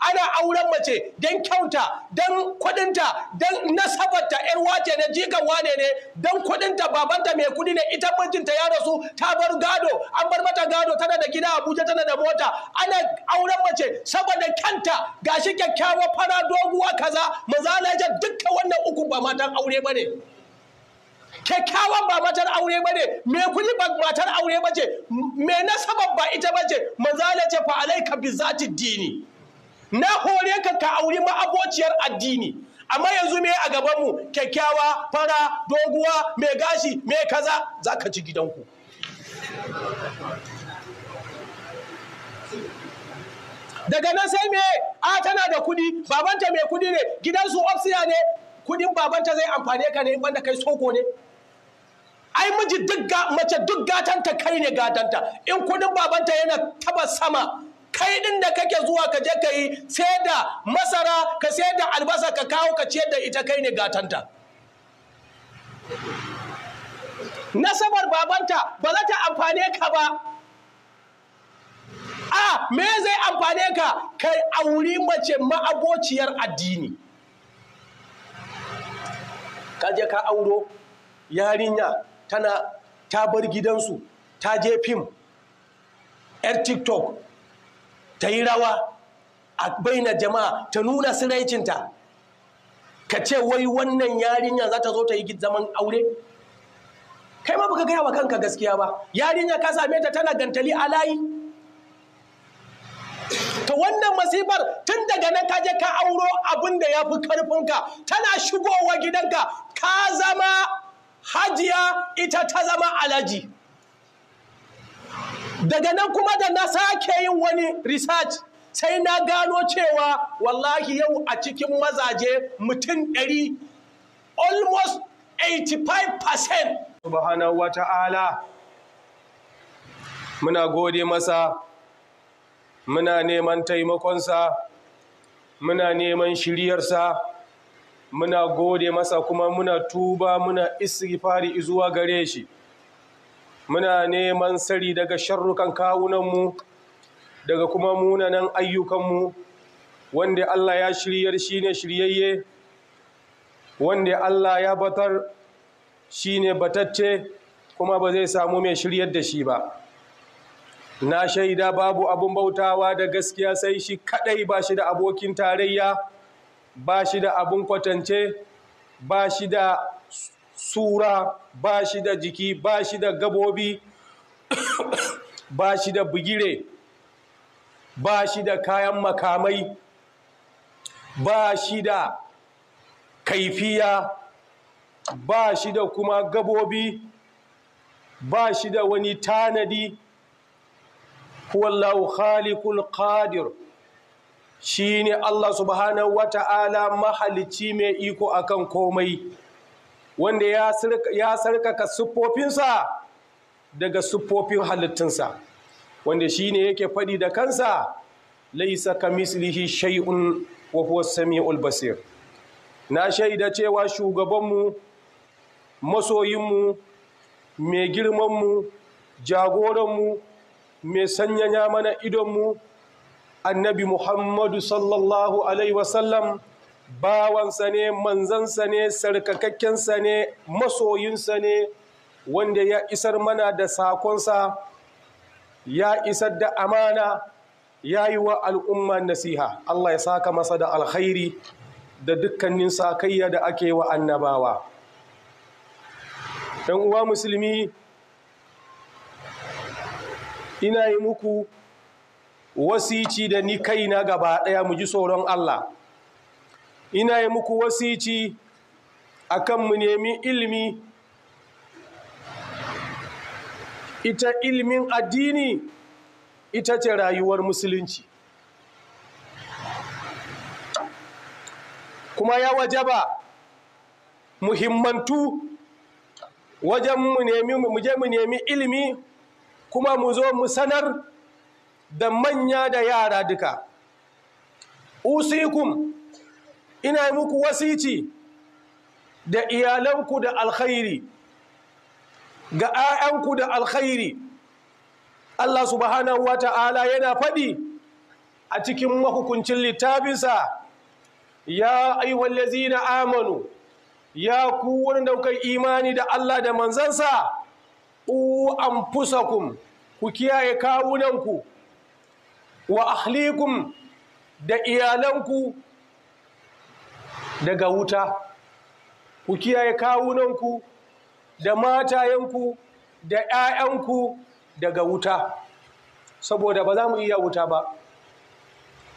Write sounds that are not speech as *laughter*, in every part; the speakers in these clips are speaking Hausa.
ana auren mace don kyauta don kudinta don nasabarta yar wace ne jikan wane ne don kudinta babanta mai kudi ne ita mijinta ya rasu ta bar gado an bar mata gado tana da gida abuja tana da mota ana auren mace saboda kyanta gashi kyakkyawan fara doguwa kaza na dukkan wannan uku ba matan aure ba ne. kyakkyawan ba matar aure ba ne me kuli ba matar aure ba ce me nasabar ba ita ba ce manzala ce fa alaika bi zati dini na hore ka ka auri ma'abociyar addini amma yanzu me a gaban mu kyakkyawa fara doguwa mai gashi mai kaza za ka ci gidanku daga nan sai me a tana da kudi babanta mai kudi ne gidansu ofsiya ne kudin babanta zai amfani ka ne in banda kai soko ne ai miji duk mace duk gatanta kai ne gatanta in kudin babanta yana taba sama kai din da kake zuwa ka je ka yi sai da masara ka sai da albasa ka kawo ka ciyar da ita kai ne gatanta nasabar babanta ba za ta amfane ka ba a me zai amfane ka kai auri mace ma'abociyar addini ka je ka auro yarinya tana ta bar gidansu ta je fim yar tiktok ta yi rawa a baina jama'a ta nuna siraicinta ka ce wai wannan yarinya za ta zo ta yi zaman aure kai ma baka gaya wa kanka gaskiya ba yarinya ka same ta tana gantali a layi ta wannan masifar tun daga nan kaje ka auro abin da ya fi karfinka tana shigowa gidanka ka zama hajiya ita ta zama alaji daga nan kuma da na sake yin wani research sai na gano cewa wallahi yau a cikin mazaje mutum ɗari almost 85% subhanahu wa ta'ala muna gode masa muna neman taimakonsa muna neman shiryarsa muna gode masa kuma muna tuba muna fari zuwa gare shi muna neman sari daga sharrukan kawunanmu daga kuma munanan ayyukanmu wanda Allah ya shiryar shi ne shiryayye wanda Allah ya batar shi ne batacce kuma ba zai samu mai shiryar da shi ba na shaida babu abun bautawa da gaskiya sai shi kadai ba shi da abokin tarayya ba shi da abun kwatance ba shi da sura ba shi da jiki ba shi da gabobi *coughs* ba shi da bugire ba shi da kayan makamai ba shi da kaifiya ba shi da kuma gabobi ba shi da wani tanadi wallahu khalikul qadir shine Allah subhanahu wata'ala mahalicci mai iko akan komai wanda ya sarkaka siffofinsa daga siffofin halittunsa wanda shi ne yake faɗi da kansa laisa kamislihi shay'un wa huwa samiul basir na shaida cewa shugabanmu masoyinmu mai girmanmu jagoranmu mai sanyanya mana idonmu annabi muhammadu sallallahu alaihi wasallam bawansa ne manzansa ne sarkakakkensa ne masoyinsa ne wanda ya isar mana da sakonsa ya isar da amana ya yi wa al'umma nasiha Allah ya saka masa da alkhairi da dukkanin sakayya da ake wa annabawa Ɗan uwa musulmi ina yi muku wasici da ni kaina gaba ɗaya mu ji tsoron Allah’ ina yi muku wasici akan mu nemi ilimi ita ilimin addini ita ce rayuwar musulunci kuma ya waje ba muhimmantu wajen mu nemi mu mu nemi ilimi kuma mu zo mu sanar da manya da yara duka usikum ina yi muku wasici da iyalanku da alkhairi ga 'ya'yanku da alkhairi Allah subhanahu wa ta'ala yana faɗi a cikin mahukuncin littafinsa ya aiwa na amanu ya ku wani daukar imani da Allah da manzansa u an ku kiyaye kawunanku wa ahlikum da iyalanku daga wuta ku kiyaye kawunanku da matayenku da 'ya'yanku daga wuta saboda ba za mu iya wuta ba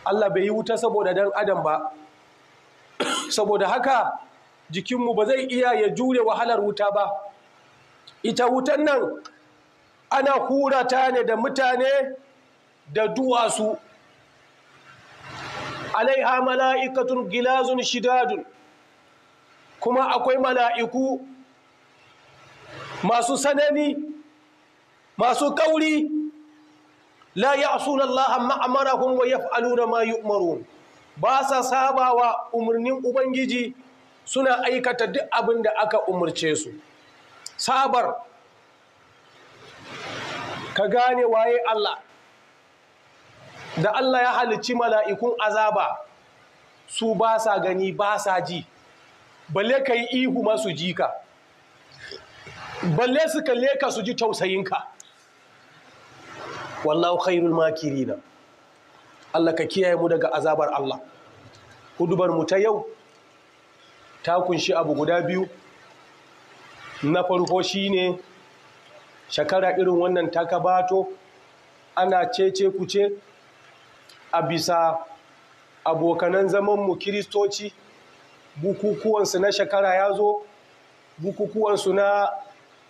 Allah bai yi wuta saboda dan adam ba *coughs* saboda haka jikinmu ba zai iya ya jure wahalar wuta ba ita wutan nan ana hura ta ne da mutane da duwatsu alaiha mala'ikatun gilazun shidadun kuma akwai mala'iku masu sanani masu kauri la ya'suna Allah amma amarahum wa yaf'aluna mayu yu'marun ba sa sabawa umarnin ubangiji suna aikata duk abin da aka umarce su sabar ka gane waye Allah da Allah ya halicci mala'ikun azaba su ba sa gani ba sa ji balle ka yi ihu masu ji ka balle su kalle ka su ji tausayinka wallahu khairul makirina Allah ka kiyaye mu daga azabar Allah hudubar mu ta yau ta kunshi abu guda biyu na farko ne, shakara irin wannan takabato ana cece kuce a bisa abokanan zamanmu kiristoci bukukuwansu na shekara ya zo bukukuwansu na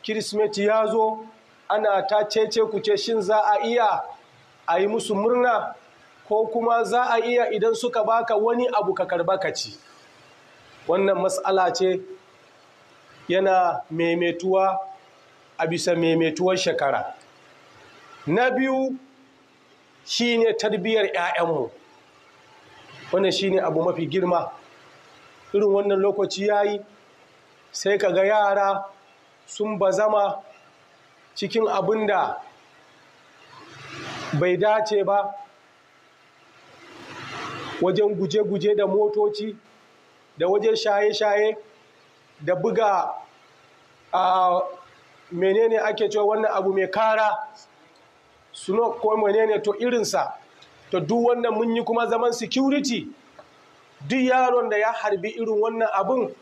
kirismeti ya zo ana ta cece kuce shin za a iya a yi musu murna ko kuma za a iya idan suka baka wani abu ka karba ci wannan matsala ce yana maimaituwa a bisa maimaituwar shekara na biyu Shi ne tarbiyyar 'ya'yanmu wannan ne abu mafi girma irin wannan lokaci ya yi, sai kaga yara sun zama, cikin abin da bai dace ba wajen guje-guje da motoci da wajen shaye-shaye da buga a menene ake cewa wannan abu mai kara snow ko menene to irinsa to duk wannan mun yi kuma zaman security duk yaron da ya harbi irin wannan abun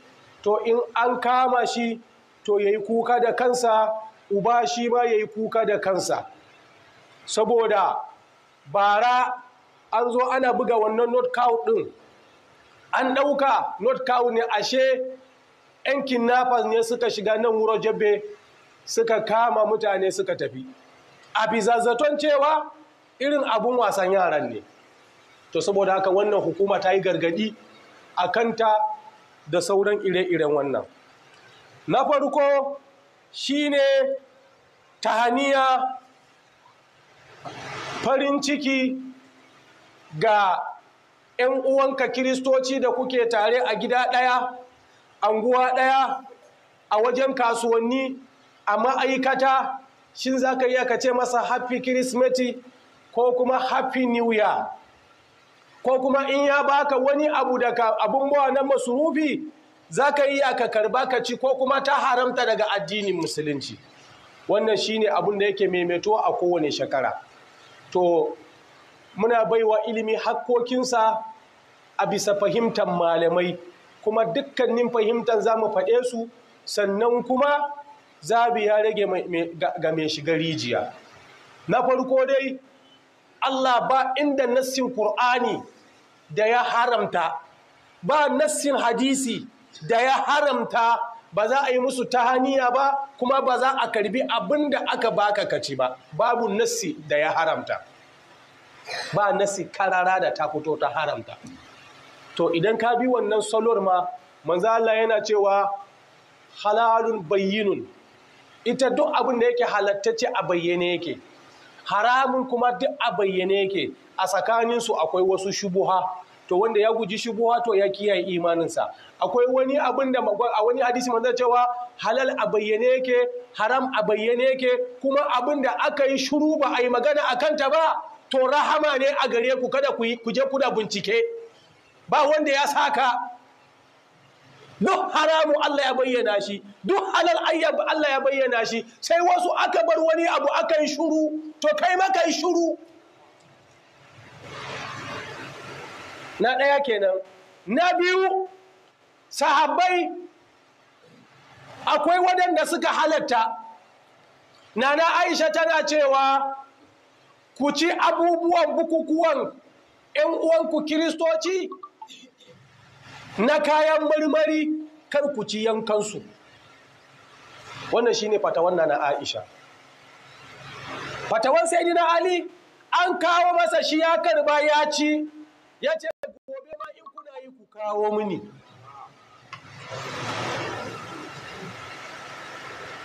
to in an kama shi to ya yi kuka da kansa uba shi ma ya yi kuka da kansa saboda bara an zo ana buga wannan not cow ɗin an ɗauka not cow ne ashe 'yan kidnappers ne suka shiga nan wuro jabe suka kama mutane suka tafi a bizazzaton cewa irin abun wasan yaran ne to saboda haka wannan hukuma ta yi gargadi a kanta da sauran ire-iren wannan na farko shine tahaniya farin ciki ga 'yan uwanka kiristoci da kuke tare a gida ɗaya anguwa ɗaya a wajen kasuwanni a ma'aikata shin za ka iya ka ce masa happy Kirsimeti ko kuma happy new year ko kuma in ya baka wani abu daga abun bawa na masurufi za ka iya ka karba ka ci ko kuma ta haramta daga addinin musulunci wannan shine abun da yake maimaito a kowane shekara to muna baiwa ilimi hakkokinsa a bisa fahimtar malamai kuma dukkanin fahimtar za mu faɗe su sannan kuma zabi ya rage ga mai shiga rijiya na farko dai Allah ba inda nassin Kur'ani da ya haramta ba nassin hadisi da ya haramta ba za a yi musu ta haniya ba kuma ba za a karbi abin da aka baka kaci ba babu nassi da ya haramta ba nassi karara da ta fito ta haramta to idan ka bi wannan salor ma manzala yana cewa halalun bayyinun ita duk abin da yake halattacce a bayyane yake haramun kuma duk a bayyane yake a tsakaninsu akwai wasu shubuha to wanda ya guji shubuha to ya kiyaye imaninsa akwai wani abin da a wani hadisi manzon cewa halal a bayyane yake haram a bayyane yake kuma abin da aka yi shuru ba a yi magana a kanta ba to rahama ne a gare ku kada ku je kuda bincike ba wanda ya saka duk haramu Allah ya bayyana shi duk halal ayyab Allah ya bayyana shi sai wasu aka bar wani abu aka yi shuru to kai maka kai shuru na ɗaya kenan na biyu sahabbai akwai wadanda suka halatta nana aisha tana cewa ku ci abubuwan bukukuwan 'yan uwanku kiristoci na kayan marmari kar ku ci yankansu wannan shi ne fatawan na Aisha fatawan na Ali an kawo masa shi ya karba ya ci ya ce gobe ma in kuna yi ku kawo mini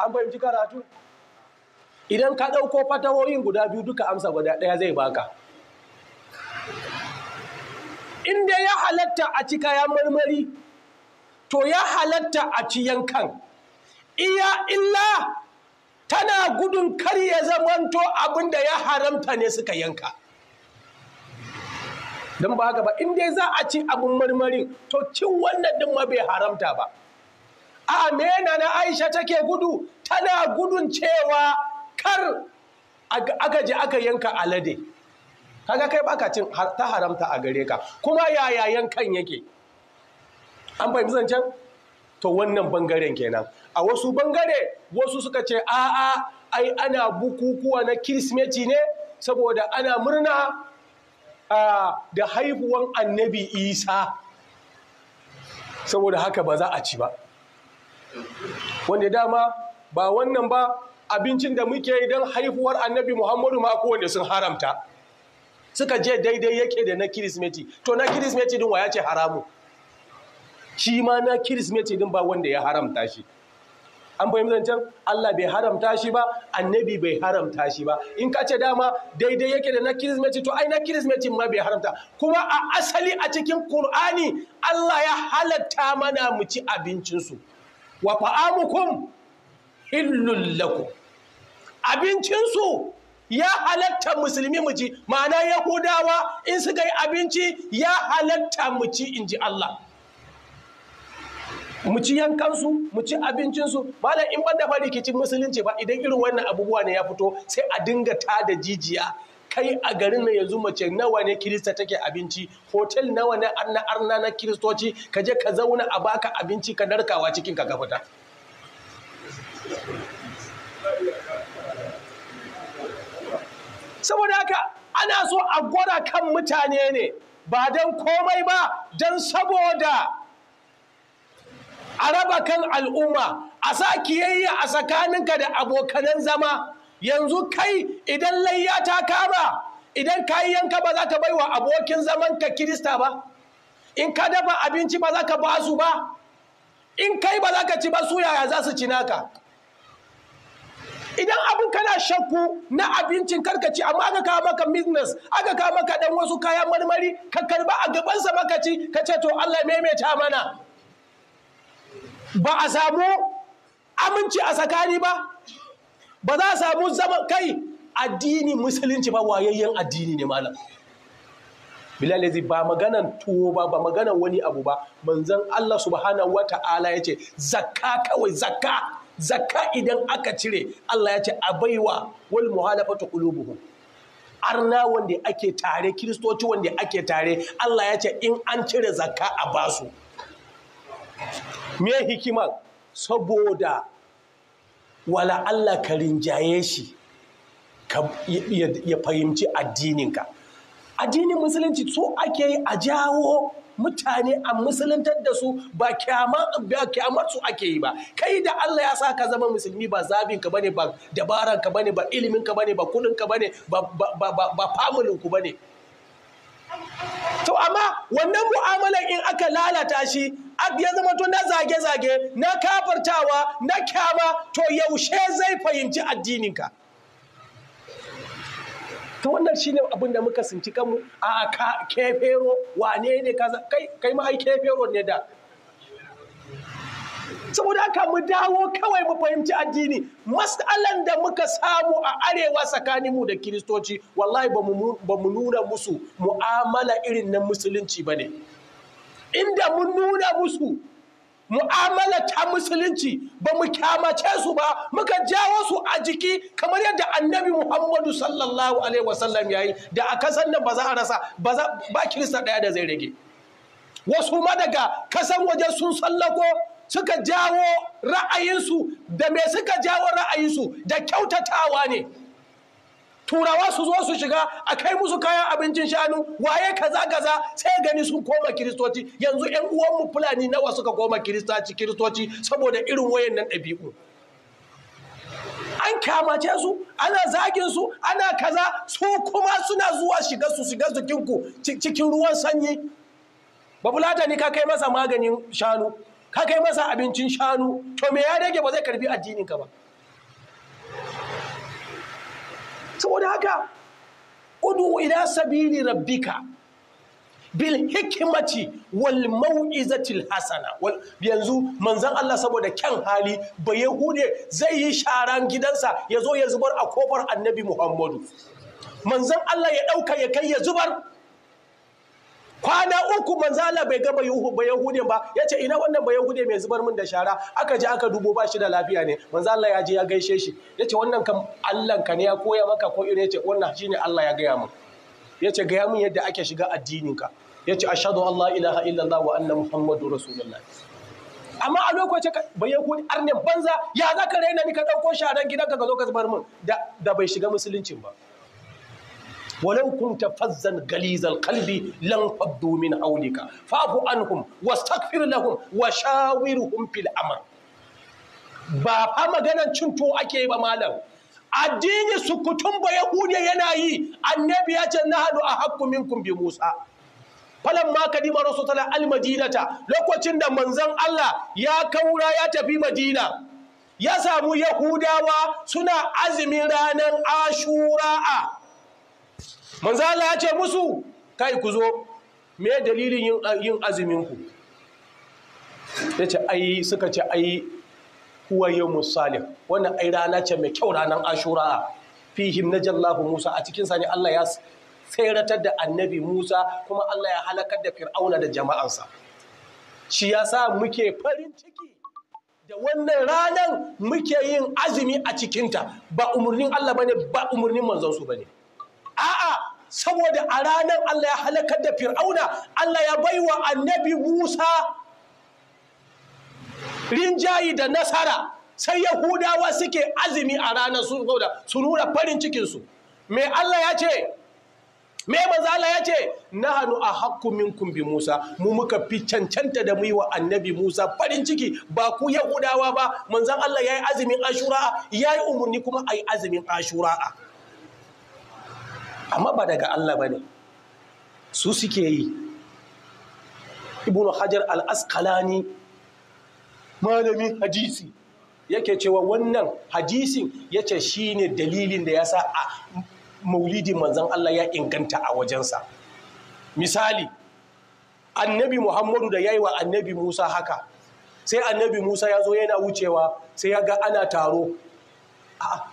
an fahimci karatu idan ka ɗauko fatawoyin guda biyu duka amsa guda ɗaya zai baka inda ya halatta a ci kayan marmari to ya halatta a ci yankan iya illa tana gudun kar ya zamanto abin da ya haramta ne suka yanka don ba haka ba in dai za a ci abin marmari to cin wannan din ma bai haramta ba a mena na aisha take gudu tana gudun cewa kar aka je aka yanka alade kaga kai baka cin ta haramta a gare ka kuma yaya yankan yake an fahimci zancen to wannan bangaren kenan a wasu bangare wasu suka ce a'a ai ana bukukuwa na kirsimeti ne saboda ana murna da haihuwan annabi isa saboda haka ba za a ci ba wanda dama ba wannan ba abincin da muke yi don haihuwar annabi muhammadu ma kowanne sun haramta suka je daidai yake da na kirismeti to na kirismeti din waya ce haramu shi ma na kirismeti din ba wanda ya haramta shi an fahimtar zancen Allah bai haramta shi ba annabi bai haramta shi ba in ka ce dama daidai yake da na kirismeti to ai na kirismeti ma bai haramta kuma a asali a cikin Kur'ani Allah ya halatta mana mu ci abincinsu wa fa'amukum illul lakum abincinsu ya halatta musulmi mu ci ma'ana yahudawa in suka yi abinci ya halatta mu ci in ji Allah mu ci yankansu mu ci abincinsu malam in ban dafa rikicin musulunci ba idan irin wannan abubuwa ne ya fito sai a dinga ta da jijiya kai a garin nan yanzu mace nawa ne kirista take abinci hotel nawa ne arna arna na kiristoci ka je ka zauna a baka abinci ka narkawa cikin ka fita saboda haka ana so a gwada kan mutane ne ba don komai ba don saboda a raba kan al'umma a sa kiyayya a tsakaninka da abokanan zama yanzu kai idan layya ta kama idan ka yanka ba za ka bai wa abokin zamanka kirista ba in ka dafa abinci ba za ka ba su ba in kai ba za ka ci ba su yaya za su ci naka idan abin kana shakku na abincin karkaci amma aka kawo maka business aka kawo maka dan wasu kayan marmari ka karba a gabansa maka ci ka ce to Allah maimaita mana ba a samu aminci a tsakani ba ba za a samu zama kai addini musulunci ba wayayyen addini ne malam bilalazi ba maganan tuwo ba ba maganan wani abu ba manzon Allah subhanahu wata'ala ya ce zakka kawai zakka zakka idan aka cire Allah ya ce a baiwa wal muhalafatu qulubuhum arna wanda ake tare kiristoci wanda ake tare Allah ya ce in an cire zakka a basu me hikimar saboda wala Allah ka rinjaye shi ya fahimci addinin ka addinin musulunci so ake a jawo mutane a musuluntar da su ba kyamar su ake yi ba kai da Allah ya sa ka zama musulmi ba zabin ka bane ba dabaran ka bane ba ilimin ka bane ba kudin ka bane ba famulin ku bane to amma wannan mu'amalar in aka lalata shi ya zama to na zage-zage na kafartawa na kyama to yaushe zai fahimci addininka ta wannan shine abin da muka sinci kanmu a ka kefero wane ne kaza kai kai ma ai kefero ne da saboda haka mu dawo kawai mu fahimci addini mas'alan da muka samu a arewa tsakanin mu da kiristoci wallahi ba mu nuna musu mu'amala irin na musulunci ba ne inda mun nuna musu mu'amala ta musulunci ba mu kyamace su ba muka jawo su a jiki kamar yadda annabi muhammadu sallallahu alaihi wasallam ya da a kasan nan ba za a rasa ba kirista ɗaya da zai rage wasu ma daga kasan waje sun sallako suka jawo ra'ayinsu da me suka jawo ra'ayinsu da kyautatawa ne turawa su zo su shiga a kai musu kayan abincin shanu waye kaza kaza sai gani sun koma kiristoci yanzu yan uwanmu fulani nawa suka koma kiristoci kiristoci saboda irin wayannan ɗabi'u an kyamace su ana zagin su ana kaza su kuma suna zuwa shiga su shiga jikinku cikin ruwan sanyi babulata ne ka kai masa maganin shanu ka kai masa abincin shanu to me ya rage ba zai karbi addinin ka ba saboda haka udu ila sabili rabbika bil hikimati wal mau'izatil hasana yanzu manzon Allah saboda kyan hali ba yahude zai yi sharan gidansa ya zo ya zubar a kofar annabi Muhammadu manzon Allah ya ɗauka ya kai ya zubar kwana uku manzo Allah bai ga ba yahudin ba yace ina wannan ba yahude mai zubar min da shara aka je aka dubo ba shi da lafiya ne manzo ya je ya gaishe shi yace wannan kan Allah ka ne ya koya maka ko irin yace wannan shine Allah ya gaya min yace gaya min yadda ake shiga addinin ka yace ashhadu an la ilaha illallah wa anna muhammadur rasulullah amma a lokacin ba yahudi arnin banza ya zaka raina ni ka dauko sharan gidanka ka zo ka zubar min da bai shiga musulunci ba walau kunta fazzan galizal qalbi lan faddu min hawlika fa'fu anhum wastaghfir lahum wa shawirhum fil amr ba fa maganan cin ake ba malam addini sukutun ba yahudiya yana yi annabi ya ce a ahqqu minkum bi musa falan ma kadima rasulullahi almadinata lokacin da manzon Allah ya kaura ya tafi madina ya samu yahudawa suna azumin ranar ashura'a manzo Allah ya ce musu kai ku zo me dalilin yin azumin ku yace ai suka ce ai huwa yawmus salih wannan ai rana ce mai kyau ranar ashura fihim najallahu musa a cikin sa ne Allah ya tseratar da annabi Musa kuma Allah ya halakar da Fir'auna da jama'ansa. Shi ya sa muke farin ciki da wannan ranar muke yin azumi a cikinta ba umarnin Allah ba ne ba umarnin manzansu ba ne. A'a saboda a ranar Allah ya halakar da fir'auna Allah ya bai wa annabi Musa rinjayi da nasara sai yahudawa suke azumi a ranar su su nuna farin cikinsu Me Allah ya ce me Allah ya ce hannu a hakku minkum Musa mu muka fi cancanta da muyi wa annabi Musa farin ciki ba ku Yahudawa ba manzan Allah ya yi azumin Ashura yayi umarni kuma ayi azumin Ashura'a amma ba daga Allah ba ne su suke yi ibnu hajar al-asqalani malamin hadisi yake cewa wannan hadisin yace shine dalilin da ya sa a maulidi manzon Allah ya inganta a wajensa misali annabi Muhammadu da yayi wa annabi Musa haka sai annabi Musa ya zo yana wucewa sai ya ga ana taro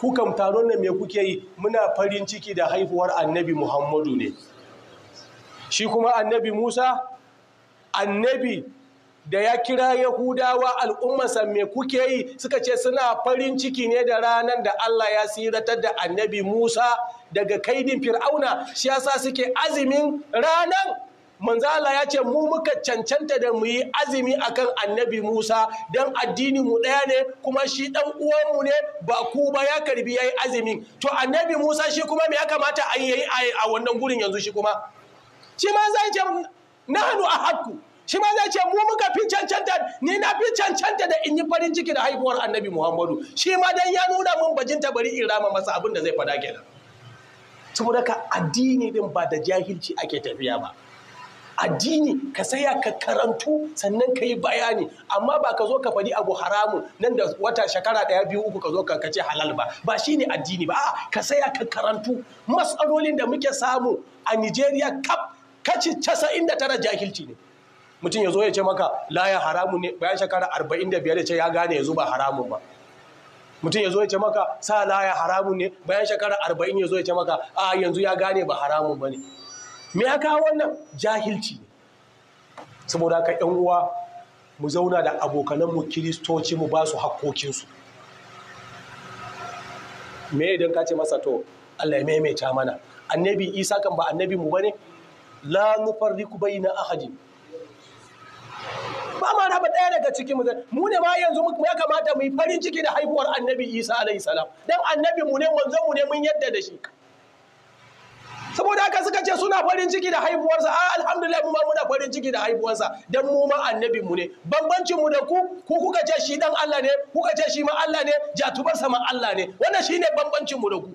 kukan taron nan mai kuke yi muna farin ciki da haifuwar annabi muhammadu ne shi kuma annabi musa annabi da ya kira yahudawa al'ummasa me kuke yi suka ce suna farin ciki ne da ranar da allah ya siratar da annabi musa daga kaidin fir'auna shi yasa suke azumin ranar manzo Allah ya ce mu muka cancanta da mu yi azumi akan annabi Musa dan addini mu ɗaya ne kuma shi dan uwan mu ne ba ku ba ya karbi yayi azumin to annabi Musa shi kuma me ya kamata a yi a wannan gurin yanzu shi kuma shi ma zai ce nahnu ahakku shi ma zai ce mu muka fi cancanta ni na fi cancanta da in yi farin ciki da haihuwar annabi muhammadu shi ma dan ya nuna min bajinta bari in rama masa abin da zai faɗa kenan saboda ka addini din ba da jahilci ake tafiya ba addini ka saya ka karantu sannan ka yi bayani amma ba ka zo ka faɗi abu haramu nan da wata shekara ɗaya biyu uku ka zo ka kace halal ba ba shi ne addini ba a'a ka saya ka karantu matsalolin da muke samu a Nigeria kap kaci tara jahilci ne mutum ya zo ya ce maka laya haramu ne bayan shekara biyar ya ce ya gane ya zuba haramun ba mutum ya zo ya ce maka sa laya haramun ne bayan shekara arba'in ya zo ya ce maka a yanzu ya gane ba haramun ba ne me ya kawo wannan jahilci ne saboda haka yan uwa mu zauna da abokanan mu, kiristoci mu ba su hakkokinsu me idan ka ce masa to Allah ya maimaita mana annabi isa kan ba annabi mu bane la nufarriku bayna ahadi. ba ma raba ɗaya daga cikin mu mu ne ma yanzu mu ya kamata mu yi farin ciki da haihuwar annabi isa alaihi salam dan annabi mu ne manzon mu ne mun yadda da shi saboda haka suka ce suna farin ciki da haihuwarsa a ah, alhamdulillah mu ma muna farin ciki da haihuwarsa dan mu ma annabi mu ne bambancin mu da ku ku kuka ce shi dan Allah ne kuka ce shi ma Allah ne jatubarsa ma Allah ne wannan shine bambancin mu da ku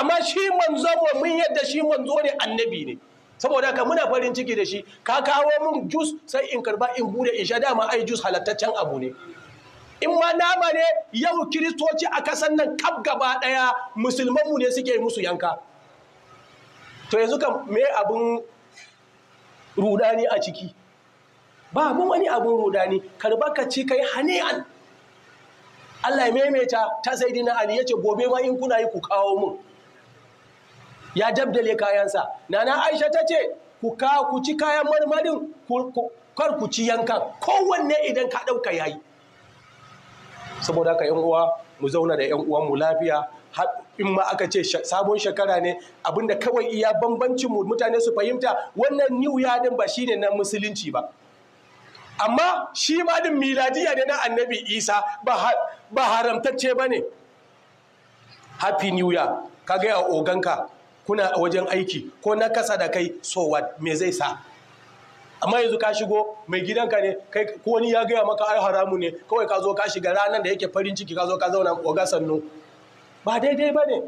amma shi manzo mun yadda shi manzo ne annabi ne saboda haka muna farin ciki da shi ka kawo mun jus sai in karba in bude in sha dama ai jus halattaccen abu ne in ma nama ne yau kiristoci a kasan nan kaf gaba daya mu ne suke musu yanka to yanzu kam me abin rudani a ciki ba mun wani abin rudani karba ka ci kai hani'an Allah ya maimaita ta sai dina Ali yace gobe ma in kuna yi ku kawo mun ya dabdale kayansa nana Aisha ta ce ku ka ku ci kayan marmarin kar ku ci yankan kowanne idan ka ɗauka yayi saboda ka yan uwa mu zauna da yan uwan mu lafiya in ma aka ce sabon shekara ne abinda kawai iya bambancin mu mutane su fahimta wannan new year din ba shine na musulunci ba amma shi ma din miladiya ne na annabi isa ba haramtacce ba ne happy new year ka gaya oganka kuna wajen aiki ko na kasa da kai so what me zai sa amma yanzu ka shigo mai gidanka ne kai ko wani ya gaya maka ai haramu ne kawai ka zo ka shiga ranar da yake farin ciki ka zo ka zauna oga sannu ba daidai ba ne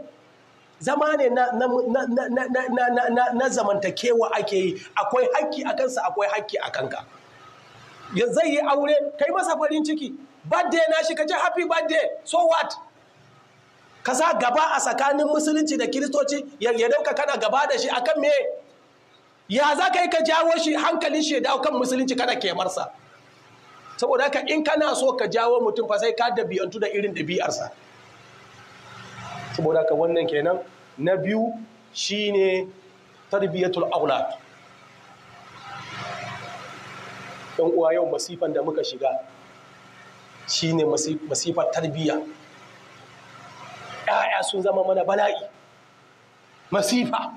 zama ne na zamantakewa ake yi akwai hakki a kansa akwai hakki a kanka zai yi aure kai masa farin ciki birthday na shi ka ce happy birthday so what ka sa gaba a tsakanin musulunci da kiristoci ya dauka kana gaba da shi akan me ya za ka yi ka jawo shi hankalin shi ya kan musulunci kana kemarsa saboda ka, in kana so ka jawo mutum fa sai ka dabi'antu da irin dabi'arsa saboda ka wannan kenan na biyu shine tarbiyatul aulad ɗan uwa yau masifan da muka shiga shine masifar tarbiyya ‘ya'ya sun zama mana bala'i masifa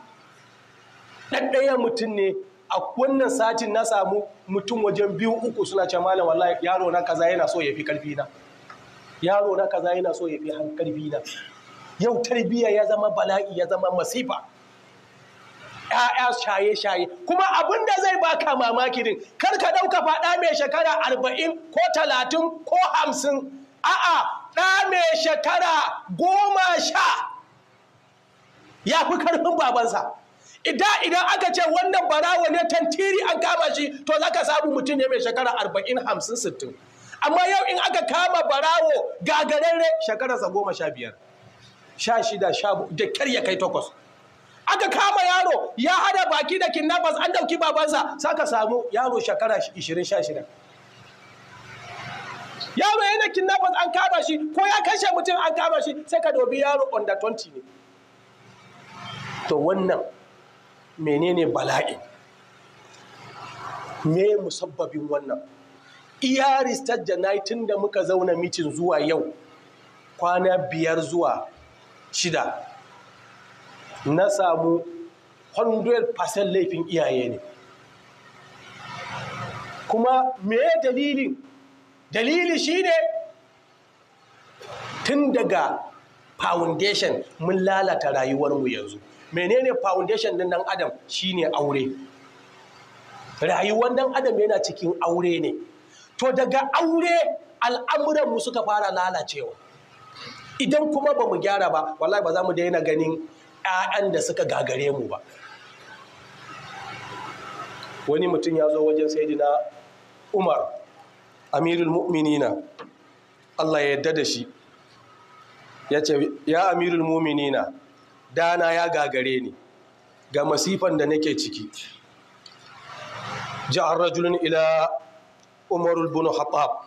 ɗanɗaya mutum ne a wannan satin na samu mutum wajen biyu uku suna ce malam wallahi yaro na kaza yana so ya fi ƙarfi na yaro na kaza yana so ya fi ƙarfi na yau tarbiyya ya zama bala'i ya zama masifa ‘ya'ya shaye-shaye kuma abin da zai baka mamaki din kar ka ɗauka faɗa mai shekara arba'in ko talatin ko hamsin a'a ɗa mai shekara goma sha ya fi karfin babansa idan idan aka ce wannan barawa ne tantiri an kama shi to za ka samu mutum ne mai shekara arba'in hamsin sittin amma yau in aka kama barawo gagararre shekararsa goma sha biyar sha shida sha da kyar ya kai takwas aka kama yaro ya hada baki da kidnappers an dauki babansa saka samu yaro shekara 20 sha shida yaro yana kidnappers an kama shi ko ya kashe mutum an kama shi sai ka dobi yaro under 20 ne to wannan menene bala'i me musabbabin wannan iya ristar da da muka zauna mitin zuwa yau kwana biyar zuwa shida na samu 100% laifin iyaye ne kuma me dalilin dalili shine tun daga foundation mun lalata rayuwarmu yanzu menene foundation din dan adam shine aure rayuwar dan adam yana cikin aure ne to daga aure al'amuranmu suka fara lalacewa idan kuma ba mu gyara ba wallahi ba za mu daina ganin 'ya'yan da suka gagare mu ba wani mutum ya zo wajen sayidina umar amirul mu'minina allah ya yadda da shi ya ce ya amirul mu'minina dana ya gagare ni ga masifan da nake ciki ja'ar rajulun ila umarul bunu khattab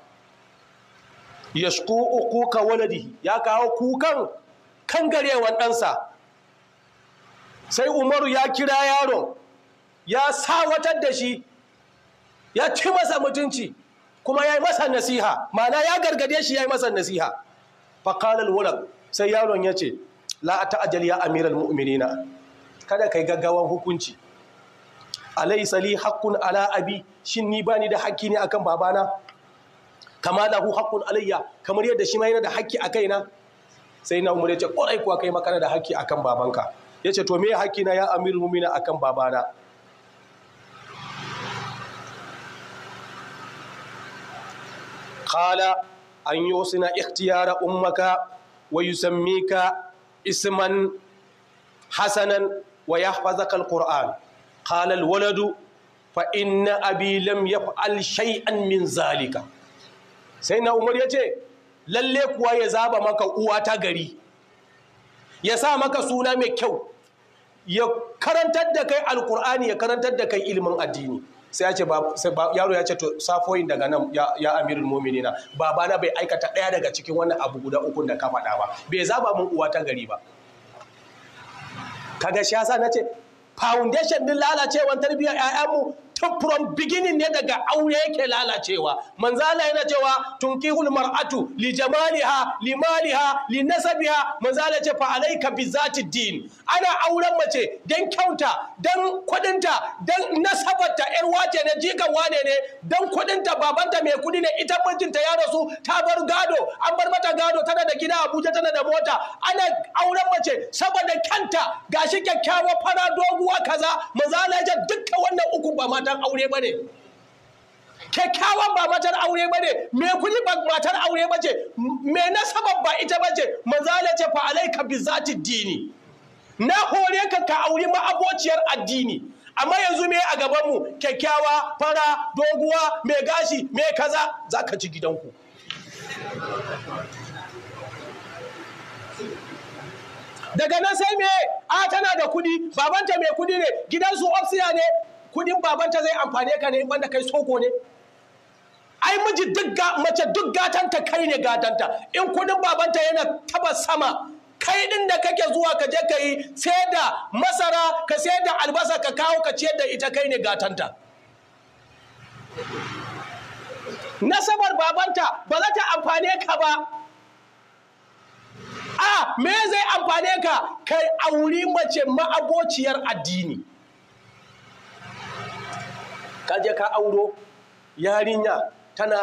yashku kuka waladi ya kawo kukan kan garewan ɗansa sai umaru ya kira yaro, ya sawatar da shi ya ci masa mutunci kuma ya yi masa nasiha mana ya gargade shi ya yi masa nasiha faƙalar wurin sai yaron ya ce la'ata ajal ya amiral mu'minina kada kai gaggawan hukunci alai sali haƙƙun ala'abi, shin ni bani da haƙƙi ne akan babana kama hu haqqun alayya kamar yadda shi ma yana da haƙƙi a kaina sai na umar ya ce kwarai kuwa kai makana da haƙƙi akan babanka ya ce to me haƙƙi na ya amir mu'mina akan babana qala an yusina ikhtiyara ummaka wa yusammika isman hasanan wa yahfazaka alquran qala alwaladu fa inna abi lam yaf'al shay'an min zalika sai na umar ya ce lalle kuwa ya zaba maka uwa ta gari ya sa maka suna mai kyau ya karantar da kai alkur'ani ya karantar da kai ilimin addini sai ya ce yaro ya ce to safoyin daga nan ya amirul na, babana bai aikata ɗaya daga cikin wannan abu guda ukun da ka faɗa ba bai zaba mun uwa ta gari ba kaga shi yasa na ce foundation din lalacewan tarbiyyar 'ya'yanmu tun from beginning ne daga aure yake lalacewa Allah yana cewa tunkihul mar'atu li jamaliha li maliha li nasabiha Allah ce fa alayka bi zati din ana auren mace dan kyauta dan kudinta dan nasabarta yar wace ne jikan wane ne dan kudinta babanta mai kudi ne ita mijinta ya rasu ta bar gado an bar mata gado tana da gida Abuja tana da mota ana auren mace saboda kanta gashi kyakkyawa, fara doguwa kaza Allah ya ce dukkan wannan uku ba mata matan aure ba ne kyakkyawan ba matar aure ba ne me kuɗi ba matar aure ba ce me nasabar ba ita ba ce manzala ce fa alaika bi zati dini na hore ka ka aure ma'abociyar addini amma yanzu me a gabanmu kyakkyawa fara doguwa mai gashi mai kaza za ka ci gidanku daga nan sai me a tana da kudi babanta mai kudi ne gidansu ofsiya ne kudin babanta zai amfane ka ne wanda kai soko ne ai miji duk mace duk gatanta kai ne gatanta in kudin babanta yana taba sama kai din da kake zuwa ka je kai sai da masara ka sai da albasa ka kawo ka ciyar da ita kai ne gatanta nasabar babanta ba za ta amfane ka ba a me zai amfane ka kai auri mace ma'abociyar addini ka je ka auro yarinya tana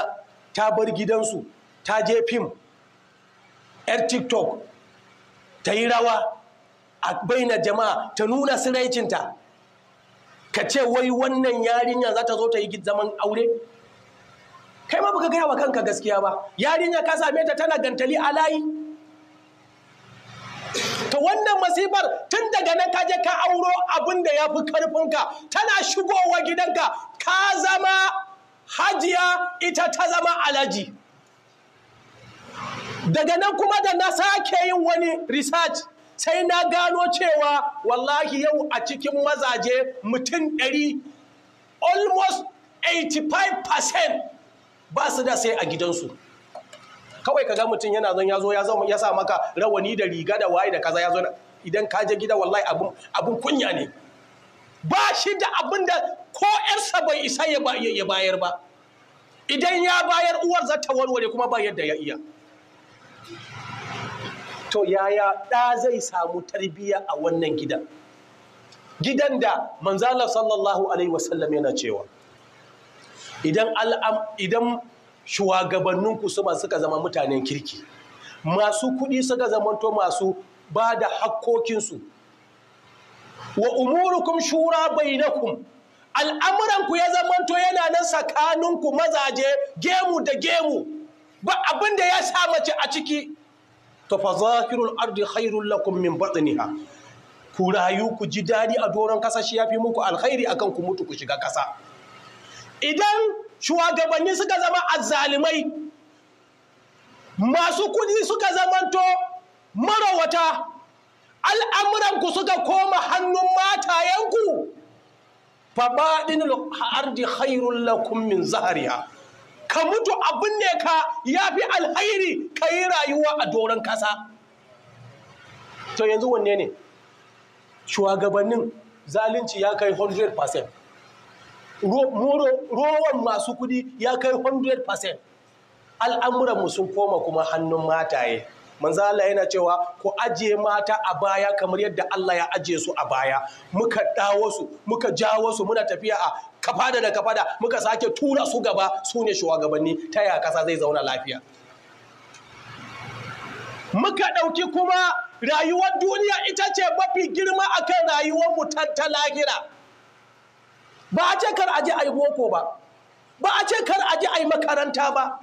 ta bar gidansu ta je fim yar tiktok ta yi rawa a baina jama'a ta nuna siraicinta ka ce wai wannan yarinya za ta zo ta yi zaman aure kai ma baka gaya wa kanka gaskiya ba yarinya ka same ta tana gantali a layi to wannan masifar tun daga nan ka je ka auro abin da ya fi karfinka tana shigowa gidanka ka zama hajiya ita ta zama alaji daga nan kuma da na sake yin wani research sai na gano cewa wallahi yau a cikin mazaje mutum ɗari almost 85% ba su da sai a gidansu kawai ka ga mutum yana zon ya zo ya ya sa maka rawani da riga da waye da kaza ya zo idan ka je gida wallahi abun kunya ne ba shi da abin da ko yarsa bai isa ya bayar ba idan ya bayar uwar za ta warware kuma ba yadda ya iya to yaya ɗa zai samu tarbiyya a wannan gidan gidan da manzala sallallahu alaihi wasallam yana cewa idan shugabanninku su suka zama mutanen kirki masu kuɗi suka zamanto masu ba da hakkokinsu wa umurukum shura bainakum al'amuranku ya zamanto yana nan tsakaninku mazaje gemu da gemu ba abin da ya sa mace a ciki to fa zakirul ardi khairul lakum min batniha ku rayu ku ji dadi a doron kasa shi yafi muku alkhairi akan ku mutu ku shiga kasa idan shugabanni suka zama azzalimai masu kudi suka zamanto marawata al'amuranku suka koma hannun matayenku fabaɗin ardi khairun lakum min zahariya ka mutu abin ne ka ya fi alhairi ka yi rayuwa a doron kasa to yanzu wanne ne shugabannin zalunci ya kai 100% rowan masu kudi ya kai 100% al'amuranmu sun koma kuma hannun mataye manza Allah yana cewa ku ajiye mata a baya kamar yadda Allah ya ajiye su a baya muka dawo su muka jawo su muna tafiya a kafada da kafada muka sake tura su gaba su ne shugabanni ta ya kasa zai zauna lafiya muka ɗauki kuma rayuwar duniya ita ce mafi girma akan rayuwar mu ta lahira ba a ce kar a je a yi boko ba ba a ce kar a je a yi makaranta ba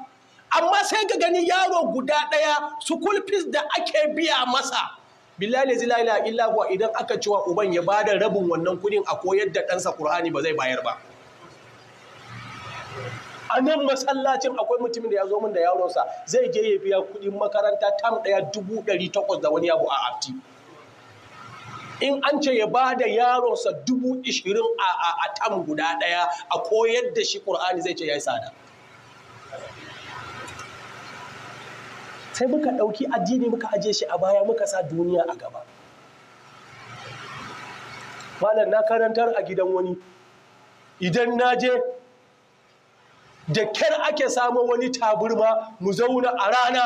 amma sai ka gani yaro guda ɗaya su kulfis da ake biya masa billahi zila ila illa huwa idan aka cewa uban ya bada rabin wannan kudin a koyar da ɗansa qur'ani ba zai bayar ba a nan masallacin akwai mutumin da ya zo min da yaronsa zai je ya biya kudin makaranta tam ɗaya dubu ɗari takwas da wani abu a afti in an ce ya ba da yaronsa dubu ishirin a tam guda ɗaya a koyar da shi ƙur'ani zai ce ya yi tsada sai muka ɗauki addini muka aje shi a baya muka sa duniya a gaba malam na karantar a gidan wani idan na je da kyar ake samun wani taburma mu zauna a rana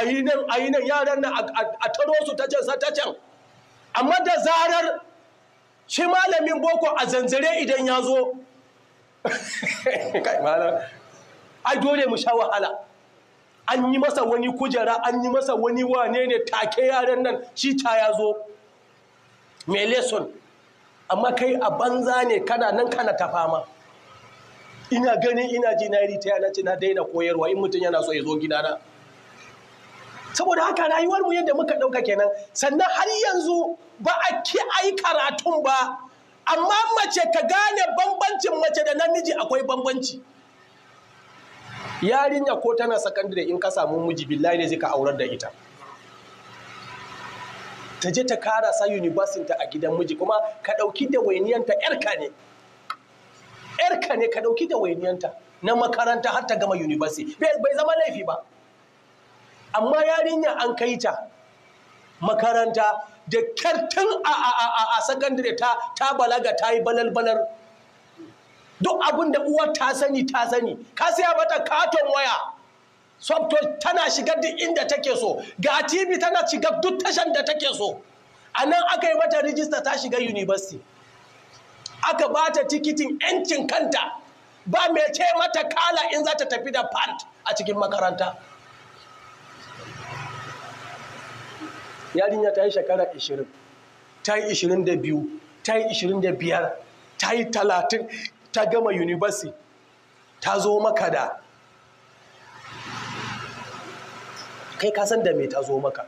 a yi nan yaran nan a taro su ta can sa ta can amma da zarar shi malamin boko a zanzare idan ya zo ai dole mu sha wahala an yi masa wani kujera an yi masa wani wane ne take yaren nan shi ta ya zo mai lesson amma kai a banza ne kana nan kana ta fama ina ganin ina ji na yi ritaya na ce na daina koyarwa in mutum yana so ya zo gidana saboda haka rayuwar mu yadda muka ɗauka kenan sannan har yanzu ba a ki ai karatun ba amma mace ka gane bambancin mace da namiji akwai bambanci yarinya ko tana sakandare in ka samu miji billahi ne zai ka aurar da ita ta je ta karasa universinta a gidan miji kuma ka ɗauki da wainiyanta yarka ne yarka ne ka ɗauki da wainiyanta na makaranta har ta gama university bai zama laifi ba amma yarinya an kai ta makaranta da kyartin a sakandare ta ta balaga ta yi balal balal duk abin da uwar ta sani ta sani ka saya mata katon waya sabto tana shigar duk inda take so ga tv tana shigar duk tashan da take so a nan aka yi mata rijista ta shiga university aka ba ta tikitin 'yancin kanta ba mai ce mata kala in za ta tafi da pant a cikin makaranta yarinya ta yi shekara 20 ta yi 22 ta yi 25 ta yi 30 ta gama university ta zo maka da kai ka san da me ta zo maka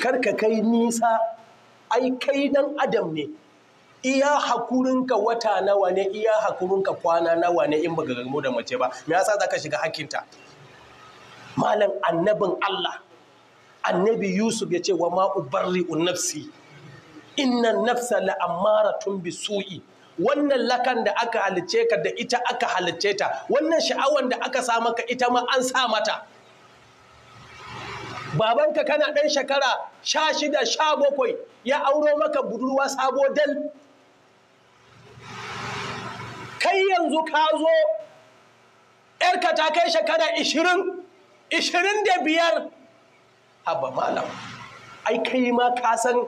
karka kai nisa ai kai dan adam ne iya hakurinka wata nawa ne iya hakurinka kwana nawa ne in baka gamu da mace ba me yasa zaka shiga hakinta malam annabin Allah annabi yusuf ya ce wa ma ubarri'u nafsi inna nafsa bi bisu'i wannan lakan da aka halicce ka da ita aka halicce ta wannan sha'awar da aka sa ka ita ma an sa mata babanka kana ɗan shekara sha shida sha bakwai ya auro maka budurwa sabo dal kai yanzu ka zo ‘yarka ta kai shekara ishirin ishirin da biyar haba malam ai kai ma ka san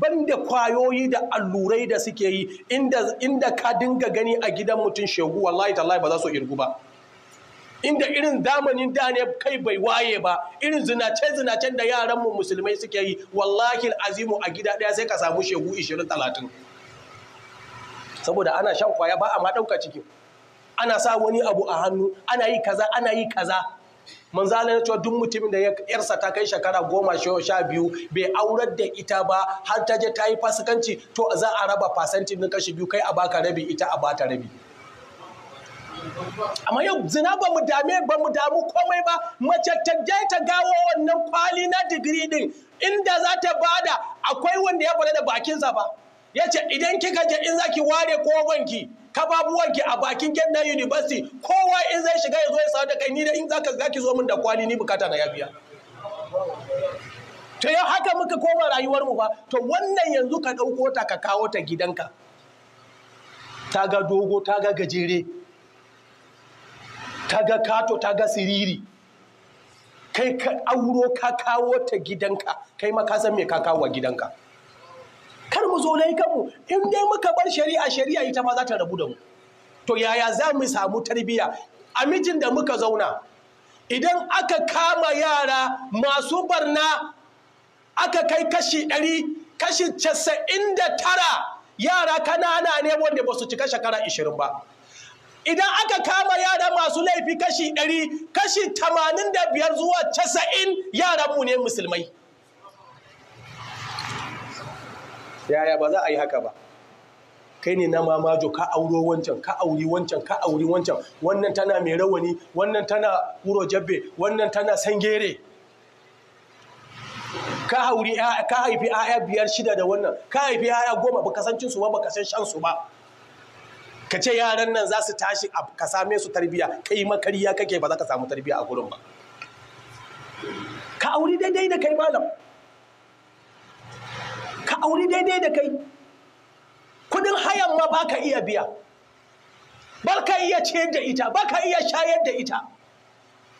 banda kwayoyi da allurai da suke yi inda ka dinga gani a gidan mutum shegu wallahi tallahi ba za su irgu ba inda irin zamanin da ne kai bai waye ba irin zinace zinacen da yaran mu musulmai suke yi wallahi azimu a gida ɗaya sai ka samu shegu 20 talatin. saboda ana shan kwaya ba a ma dauka ciki ana sa wani abu a hannu ana yi kaza ana yi kaza manzo Allah ya ce duk mutumin da yarsa ta kai shekara goma sha biyu bai aurar da ita ba har ta je ta yi fasikanci to za a raba fasantin na kashi biyu kai a baka rabi ita a bata rabi amma yau zina ba mu dame ba mu damu komai ba mace ta je ta gawo wannan kwali na digiri din inda za ta bada akwai wanda ya bada da bakinsa ba ya ce idan kika je in zaki ware kowanki kafafuwanki a bakin kenna university kowa in zai shiga ya zo ya sa da kai ni da in zaka zaki zo min da kwali ni bukata na yabiya to ya haka muka koma rayuwar mu ba to wannan yanzu ka ɗauko ta ka kawo ta gidanka ta ga dogo ta ga gajere ta ga kato ta ga siriri kai ka auro ka kawo ta gidanka kai ma ka san me ka kawo gidanka kar mu zo kanmu in dai muka bar shari'a shari'a ita ma za ta rabu da mu to yaya za mu samu tarbiyya a mijin da muka zauna idan aka kama yara masu barna aka kai kashi ɗari kashi casa'in da tara yara kanana ne wanda ba su cika shekara ishirin ba idan aka kama yara masu laifi kashi ɗari kashi tamanin da biyar zuwa casa'in yaran mu ne musulmai yaya ba za a yi haka ba kai ne na mamajo ka auro wancan ka auri wancan ka auri wancan wannan tana mai rawani wannan tana wuro jabbe wannan tana sangere ka hauri ka haifi aya biyar shida da wannan ka haifi aya goma baka san cin su ba baka san shan su ba ka ce yaran nan za su tashi ka same su tarbiya kai makariya kake ba za ka samu tarbiya a gurin ba ka auri daidai da kai malam auri daidai da kai kudin hayan ma baka iya biya baka iya ciyar da ita baka iya shayar da ita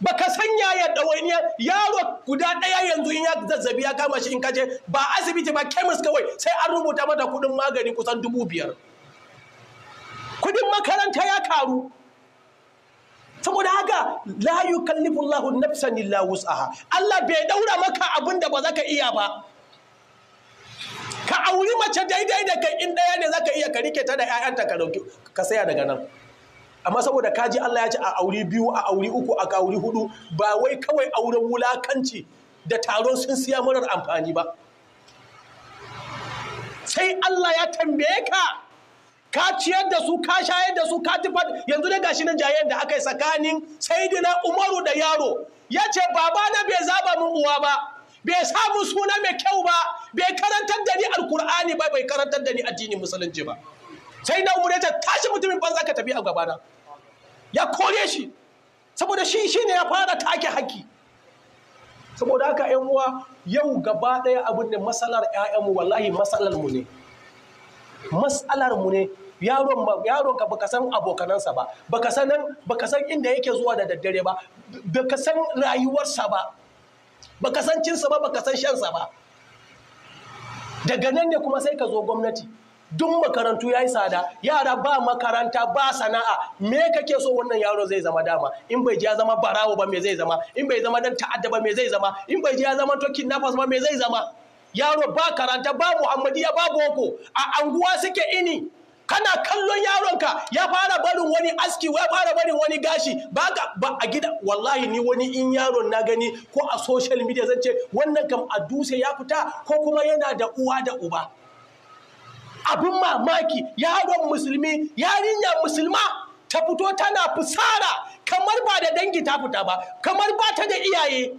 baka san yaya ɗawainiya yaro guda ɗaya yanzu in ya zazzabi ya kama shi in kaje ba asibiti ba kemis kawai sai an rubuta mata kuɗin magani kusan dubu biyar kuɗin makaranta ya karu saboda haka la yukallifullahu nafsan illa wus'aha Allah bai daura maka abin da ba za ka iya ba ka auri mace daidai da kai in ɗaya ne zaka iya ka rike ta da ƴaƴanta ka dauki ka saya daga nan amma saboda kaji Allah ya ce a auri biyu a auri uku a auri hudu ba wai kawai auren wulakanci da taron sun siya marar amfani ba sai Allah ya tambaye ka ka ciyar da su ka shayar da su ka tifar yanzu da gashi nan jayen da aka yi tsakanin saidina umaru da yaro ya ce babana bai zaba min uwa ba bai samu suna mai kyau ba bai karantar da ni alkur'ani ba bai karantar da ni addinin musulunci ba sai na umar ta tashi mutumin banza ka tafi a gabana ya kore shi saboda shi shine ya fara take haƙƙi saboda haka yan uwa yau gaba ɗaya abin da masalar ƴaƴanmu wallahi masalar mu ne masalar mu ne yaron ba, yaron ka baka san abokanansa ba baka san baka san inda yake zuwa da daddare ba baka san rayuwarsa ba baka san cinsa ba baka san shansa ba daga nan ne kuma sai ka zo gwamnati duk makarantu ya yi tsada yara ba makaranta ba sana'a me kake so wannan yaro zai zama dama in bai ji ya zama barawo ba me zai zama in bai zama dan ta'adda ba me zai zama in bai ji ya zama to kidnappers ba me zai zama yaro ba karanta ba muhammadiya ba boko a anguwa suke ini kana kallon yaronka ya fara barin wani aski ya fara barin wani gashi ba a gida wallahi ni wani in yaron na gani ko a social media zan ce wannan kam a dutse ya fita ko kuma yana da uwa da uba abin mamaki yaron musulmi yarinya musulma ta fito tana fusara kamar ba da dangi ta fita ba kamar ba ta da iyaye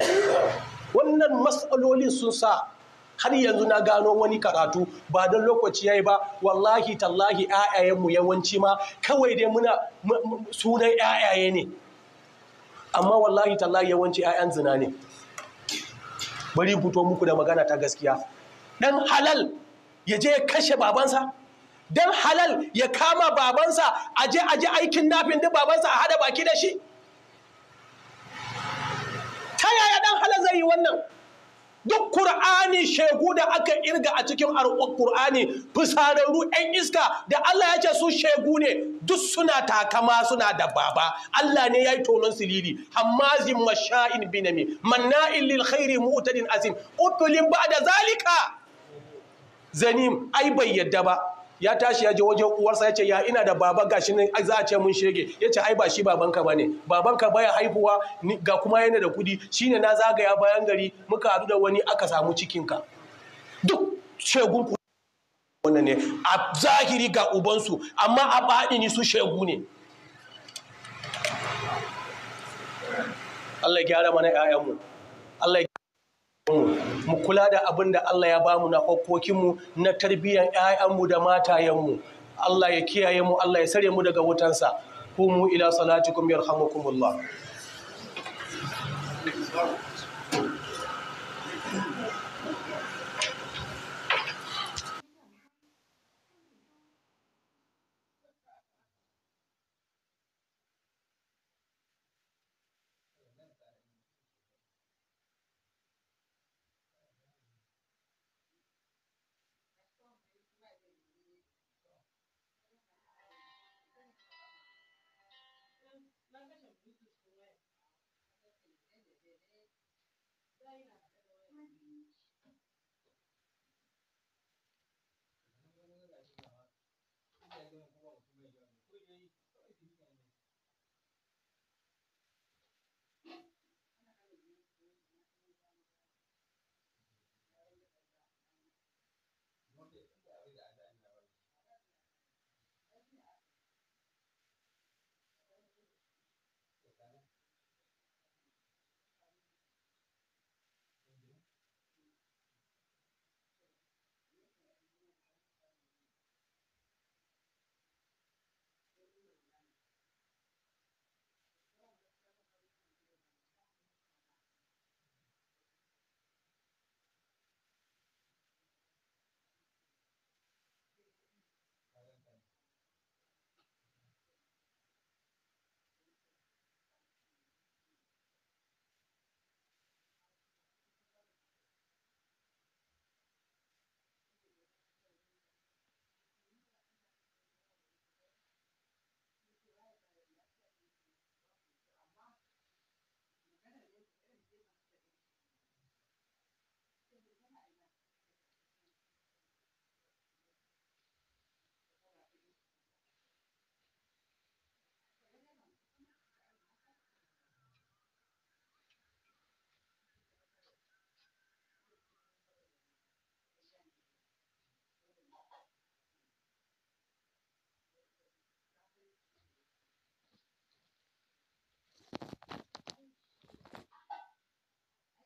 *coughs* wannan matsalolin sun sa har yanzu na gano wani karatu ba don lokaci yayi ba wallahi tallahi ayayenmu yawanci ma kawai dai muna sunan ayaye ne amma wallahi tallahi yawanci ayan zina ne bari fito muku da magana ta gaskiya dan halal ya je ya kashe babansa dan halal ya kama babansa aje aje aikin nafin duk babansa a hada baki da shi ta yaya dan halal zai yi wannan duk Kur'ani shegu da aka irga a cikin Kur'ani fusararru 'yan iska da Allah ya ce su shegu ne duk suna takama suna da baba Allah ne ya yi tonon silili hamazin masha'in binami manna'in lil khairi mu'tadin azim utulin ba da zalika zanim ai bai yadda ba ya tashi ya je wajen uwarsa ya ce ya ina da baba gashi nan za a ce mun shege ya ce ai ba shi babanka bane babanka baya haihuwa ga kuma yana da kudi shine na zagaya bayan gari muka haɗu da wani aka samu cikinka duk shegun wannan ne a zahiri ga ubansu amma a ni su shegu ne Allah ya gyara mana 'ya'yanmu Allah mu kula da abin da Allah ya bamu na mu na tarbiyyar 'ya'yanmu da matayenmu Allah ya kiyaye mu Allah ya sare mu daga wutansa kumu ila salatikum yarhamukumullah